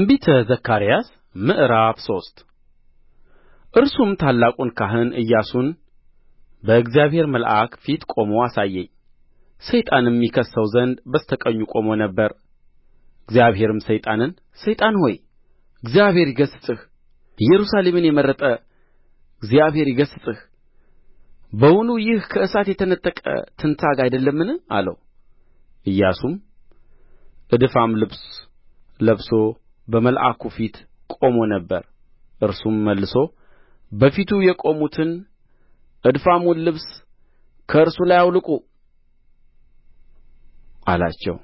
ትንቢተ ዘካርያስ ምዕራፍ ሶስት እርሱም ታላቁን ካህን ኢያሱን በእግዚአብሔር መልአክ ፊት ቆሞ አሳየኝ። ሰይጣንም ይከስሰው ዘንድ በስተ ቀኙ ቆሞ ነበር። እግዚአብሔርም ሰይጣንን ሰይጣን ሆይ እግዚአብሔር ይገሥጽህ፣ ኢየሩሳሌምን የመረጠ እግዚአብሔር ይገሥጽህ፣ በውኑ ይህ ከእሳት የተነጠቀ ትንታግ አይደለምን? አለው። ኢያሱም እድፋም ልብስ ለብሶ በመልአኩ ፊት ቆሞ ነበር እርሱም መልሶ በፊቱ የቆሙትን እድፋሙን ልብስ ከእርሱ ላይ አውልቁ አላቸው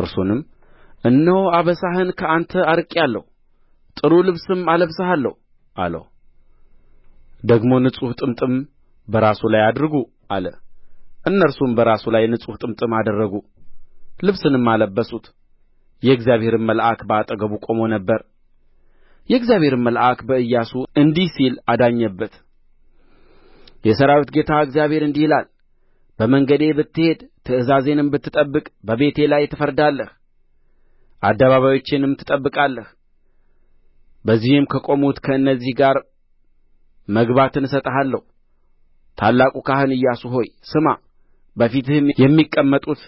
እርሱንም እነሆ አበሳህን ከአንተ አርቄአለሁ ጥሩ ልብስም አለብስሃለሁ አለው ደግሞ ንጹሕ ጥምጥም በራሱ ላይ አድርጉ አለ እነርሱም በራሱ ላይ ንጹሕ ጥምጥም አደረጉ ልብስንም አለበሱት የእግዚአብሔርም መልአክ በአጠገቡ ቆሞ ነበር የእግዚአብሔርም መልአክ በኢያሱ እንዲህ ሲል አዳኘበት የሠራዊት ጌታ እግዚአብሔር እንዲህ ይላል በመንገዴ ብትሄድ ትእዛዜንም ብትጠብቅ በቤቴ ላይ ትፈርዳለህ አደባባዮቼንም ትጠብቃለህ በዚህም ከቆሙት ከእነዚህ ጋር መግባትን እሰጥሃለሁ ታላቁ ካህን ኢያሱ ሆይ ስማ በፊትህም የሚቀመጡት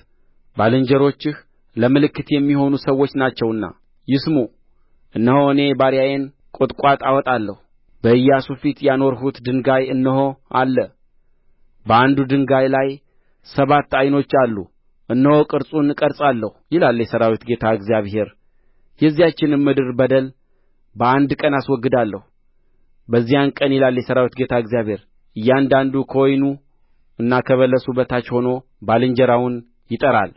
ባልንጀሮችህ ለምልክት የሚሆኑ ሰዎች ናቸውና ይስሙ እነሆ እኔ ባሪያዬን ቍጥቋጥ አወጣለሁ በኢያሱ ፊት ያኖርሁት ድንጋይ እነሆ አለ በአንዱ ድንጋይ ላይ ሰባት ዓይኖች አሉ እነሆ ቅርጹን እቀርጻለሁ ይላል የሠራዊት ጌታ እግዚአብሔር የዚያችንም ምድር በደል በአንድ ቀን አስወግዳለሁ በዚያን ቀን ይላል የሠራዊት ጌታ እግዚአብሔር እያንዳንዱ ከወይኑና ከበለሱ በታች ሆኖ ባልንጀራውን ይጠራል